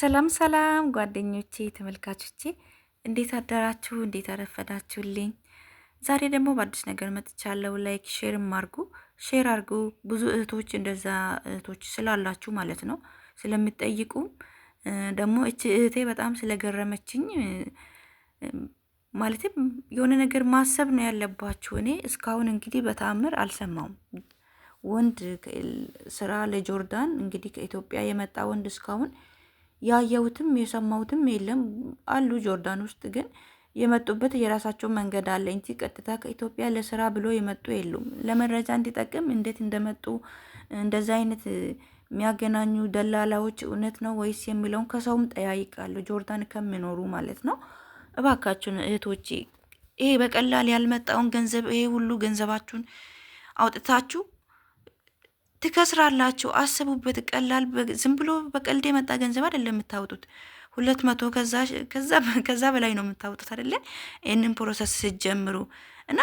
ሰላም ሰላም ጓደኞቼ ተመልካቾቼ፣ እንዴት አደራችሁ? እንዴት አረፈዳችሁልኝ? ዛሬ ደግሞ በአዲስ ነገር መጥቻለሁ። ላይክ ሼርም አርጉ፣ ሼር አርጉ። ብዙ እህቶች እንደዛ እህቶች ስላላችሁ ማለት ነው ስለምትጠይቁም ደግሞ እች እህቴ በጣም ስለገረመችኝ ማለትም የሆነ ነገር ማሰብ ነው ያለባችሁ። እኔ እስካሁን እንግዲህ በተአምር አልሰማውም ወንድ ስራ ለጆርዳን እንግዲህ ከኢትዮጵያ የመጣ ወንድ እስካሁን ያየሁትም የሰማሁትም የለም አሉ። ጆርዳን ውስጥ ግን የመጡበት የራሳቸው መንገድ አለ እንጂ ቀጥታ ከኢትዮጵያ ለስራ ብሎ የመጡ የሉም። ለመረጃ እንዲጠቅም እንዴት እንደመጡ እንደዛ አይነት የሚያገናኙ ደላላዎች እውነት ነው ወይስ የሚለውን ከሰውም ጠያይቃሉ፣ ጆርዳን ከሚኖሩ ማለት ነው። እባካችሁን እህቶቼ ይሄ በቀላል ያልመጣውን ገንዘብ ይሄ ሁሉ ገንዘባችሁን አውጥታችሁ ትከስራላችሁ። አስቡበት። ቀላል ዝም ብሎ በቀልድ የመጣ ገንዘብ አይደለም የምታወጡት። ሁለት መቶ ከዛ በላይ ነው የምታወጡት አይደለ? ይህንን ፕሮሰስ ስትጀምሩ እና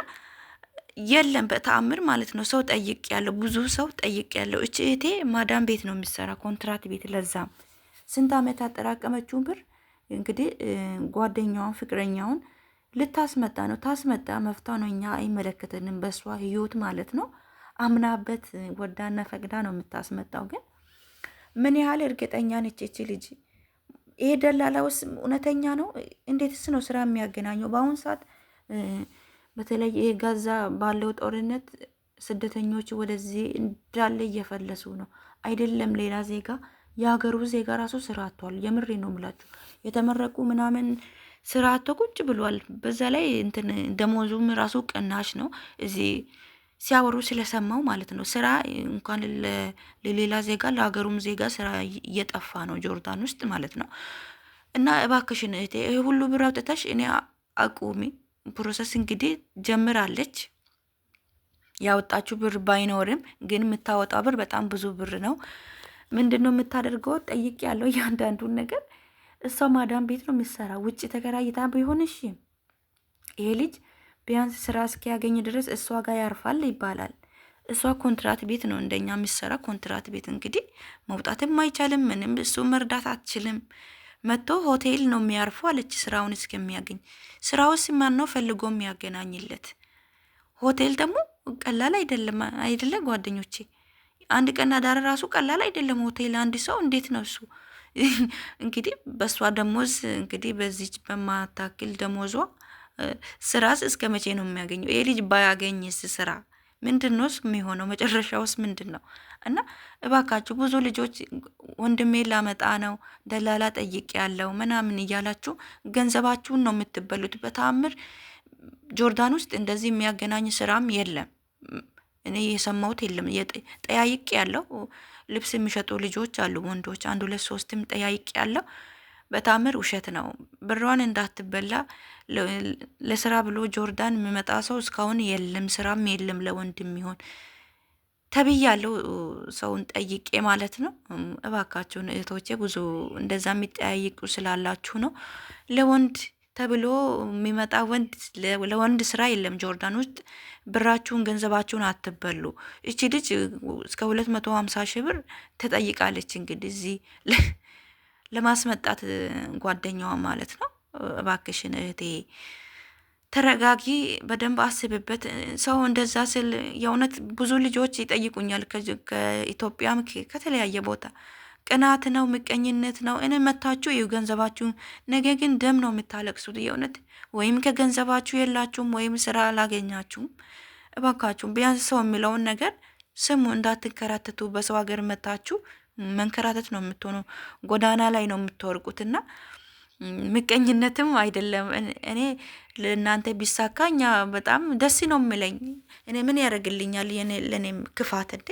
የለም በተአምር ማለት ነው። ሰው ጠይቅ ያለው ብዙ ሰው ጠይቅ ያለው እች ማዳም ቤት ነው የሚሰራ ኮንትራት ቤት። ለዛም ስንት ዓመት ያጠራቀመችውን ብር እንግዲህ ጓደኛዋን ፍቅረኛውን ልታስመጣ ነው። ታስመጣ መፍታ ነው። እኛ አይመለከተንም በእሷ ህይወት ማለት ነው። አምናበት ወዳና ፈቅዳ ነው የምታስመጣው። ግን ምን ያህል እርግጠኛ ነች ይቺ ልጅ? ይሄ ደላላውስ እውነተኛ ነው? እንዴትስ ነው ስራ የሚያገናኘው? በአሁኑ ሰዓት በተለይ ይሄ ጋዛ ባለው ጦርነት ስደተኞች ወደዚህ እንዳለ እየፈለሱ ነው። አይደለም ሌላ ዜጋ የሀገሩ ዜጋ ራሱ ስራ አጥቷል። የምሬ ነው ምላችሁ የተመረቁ ምናምን ስራ አጥቶ ቁጭ ብሏል። በዛ ላይ እንትን ደሞዙም ራሱ ቅናሽ ነው እዚህ ሲያወሩ ስለሰማው ማለት ነው። ስራ እንኳን ለሌላ ዜጋ ለሀገሩም ዜጋ ስራ እየጠፋ ነው ጆርዳን ውስጥ ማለት ነው። እና እባክሽን እህቴ ይህ ሁሉ ብር አውጥተሽ እኔ አቁሚ። ፕሮሰስ እንግዲህ ጀምራለች። ያወጣችሁ ብር ባይኖርም ግን የምታወጣው ብር በጣም ብዙ ብር ነው። ምንድን ነው የምታደርገው? ጠይቅ ያለው እያንዳንዱን ነገር እሷ ማዳም ቤት ነው የምትሰራ፣ ውጭ ተከራይታ ቢሆን እሺ። ይሄ ልጅ ቢያንስ ስራ እስኪያገኝ ድረስ እሷ ጋር ያርፋል ይባላል። እሷ ኮንትራት ቤት ነው እንደኛ የሚሰራ ኮንትራት ቤት እንግዲህ መውጣትም አይቻልም፣ ምንም እሱ መርዳት አትችልም። መጥቶ ሆቴል ነው የሚያርፈው አለች፣ ስራውን እስከሚያገኝ። ስራውስ ማን ነው ፈልጎ የሚያገናኝለት? ሆቴል ደግሞ ቀላል አይደለም አይደለ ጓደኞቼ? አንድ ቀን አዳር ራሱ ቀላል አይደለም ሆቴል። አንድ ሰው እንዴት ነው እሱ እንግዲህ በእሷ ደሞዝ እንግዲህ በዚች በማታክል ደሞዟ ስራስ እስከ መቼ ነው የሚያገኘው? ይሄ ልጅ ባያገኝስ ስራ ምንድን ነው የሚሆነው? መጨረሻውስ ምንድን ነው? እና እባካችሁ ብዙ ልጆች ወንድሜ ላመጣ ነው ደላላ ጠይቅ ያለው ምናምን እያላችሁ ገንዘባችሁን ነው የምትበሉት። በተአምር ጆርዳን ውስጥ እንደዚህ የሚያገናኝ ስራም የለም። እኔ የሰማሁት የለም። ጠያይቅ ያለው ልብስ የሚሸጡ ልጆች አሉ፣ ወንዶች አንድ ሁለት ሶስትም ጠያይቅ ያለው በታምር ውሸት ነው። ብሯን እንዳትበላ ለስራ ብሎ ጆርዳን የሚመጣ ሰው እስካሁን የለም፣ ስራም የለም ለወንድ የሚሆን ተብያለው። ሰውን ጠይቄ ማለት ነው። እባካችሁን እህቶቼ፣ ብዙ እንደዛ የሚጠያይቁ ስላላችሁ ነው። ለወንድ ተብሎ የሚመጣ ወንድ ለወንድ ስራ የለም ጆርዳን ውስጥ። ብራችሁን ገንዘባችሁን አትበሉ። እቺ ልጅ እስከ ሁለት መቶ ሀምሳ ሺህ ብር ተጠይቃለች። እንግዲህ እዚህ ለማስመጣት ጓደኛዋ ማለት ነው። እባክሽን እህቴ ተረጋጊ፣ በደንብ አስብበት። ሰው እንደዛ ስል የእውነት ብዙ ልጆች ይጠይቁኛል፣ ከኢትዮጵያም ከተለያየ ቦታ ቅናት ነው ምቀኝነት ነው። እኔ መታችሁ ይሁ ገንዘባችሁ ነገ ግን ደም ነው የምታለቅሱት። የእውነት ወይም ከገንዘባችሁ የላችሁም ወይም ስራ አላገኛችሁም። እባካችሁም ቢያንስ ሰው የሚለውን ነገር ስሙ፣ እንዳትንከራተቱ። በሰው ሀገር መታችሁ መንከራተት ነው የምትሆኑ፣ ጎዳና ላይ ነው የምትወርቁት። እና ምቀኝነትም አይደለም። እኔ ለእናንተ ቢሳካ እኛ በጣም ደስ ነው የምለኝ። እኔ ምን ያደርግልኛል ለእኔ ክፋት እንዴ?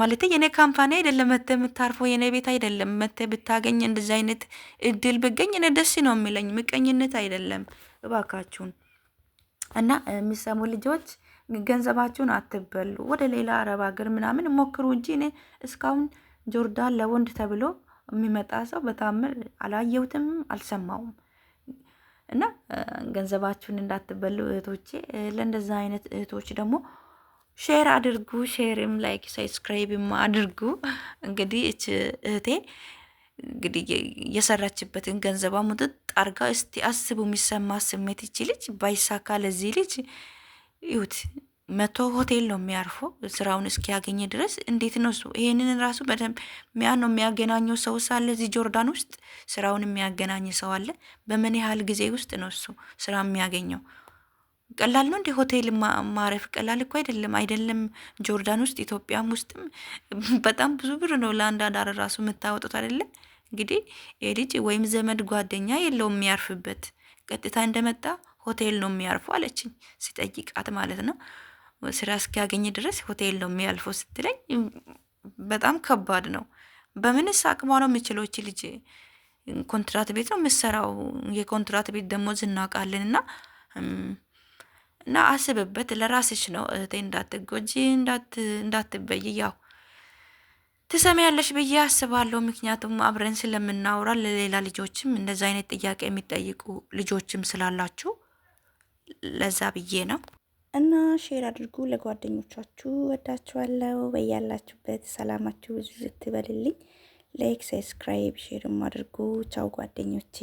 ማለት የእኔ ካምፓኒ አይደለም መተ የምታርፈው የእኔ ቤት አይደለም መተ ብታገኝ እንደዚ አይነት እድል ብገኝ እኔ ደስ ነው የሚለኝ፣ ምቀኝነት አይደለም። እባካችሁን እና የሚሰሙ ልጆች ገንዘባችሁን አትበሉ። ወደ ሌላ አረብ ሀገር ምናምን ሞክሩ እንጂ እኔ እስካሁን ጆርዳን ለወንድ ተብሎ የሚመጣ ሰው በታምር አላየሁትም፣ አልሰማውም። እና ገንዘባችሁን እንዳትበሉ እህቶቼ። ለእንደዛ አይነት እህቶች ደግሞ ሼር አድርጉ፣ ሼርም ላይክ ሰብስክራይብም አድርጉ። እንግዲህ እች እህቴ እንግዲህ የሰራችበትን ገንዘቧ ሙጥጥ አርጋ እስቲ አስቡ የሚሰማ ስሜት ይች ልጅ ባይሳካ ለዚህ ልጅ ይሁት መቶ ሆቴል ነው የሚያርፈው ስራውን እስኪያገኝ ድረስ። እንዴት ነው እሱ ይሄንን ራሱ በደንብ ሚያ ነው የሚያገናኘው ሰው ሳለ እዚህ ጆርዳን ውስጥ ስራውን የሚያገናኝ ሰው አለ። በምን ያህል ጊዜ ውስጥ ነው እሱ ስራ የሚያገኘው? ቀላል ነው እንዴ? ሆቴል ማረፍ ቀላል እኮ አይደለም። አይደለም ጆርዳን ውስጥ ኢትዮጵያም ውስጥም በጣም ብዙ ብር ነው ለአንድ አዳር ራሱ የምታወጡት አይደለም። እንግዲህ ልጅ ወይም ዘመድ ጓደኛ የለውም የሚያርፍበት ቀጥታ እንደመጣ ሆቴል ነው የሚያርፈው አለችኝ ሲጠይቃት ማለት ነው። ስራ እስኪያገኝ ድረስ ሆቴል ነው የሚያልፈው ስትለኝ በጣም ከባድ ነው። በምንስ አቅሟ ነው የምችሎች ልጅ ኮንትራት ቤት ነው የምሰራው። የኮንትራት ቤት ደሞዝ እናውቃለን እና እና አስብበት ለራስሽ ነው እህቴ፣ እንዳትጎጂ እንዳትበይ፣ ያው ትሰሚያለሽ ብዬ አስባለሁ። ምክንያቱም አብረን ስለምናወራ ለሌላ ልጆችም እንደዚ አይነት ጥያቄ የሚጠይቁ ልጆችም ስላላችሁ ለዛ ብዬ ነው። እና ሼር አድርጉ ለጓደኞቻችሁ። ወዳችኋለሁ። በያላችሁበት ሰላማችሁ ብዙ በልልኝ ላይክ፣ ሰብስክራይብ፣ ሼርም አድርጉ። ቻው ጓደኞቼ።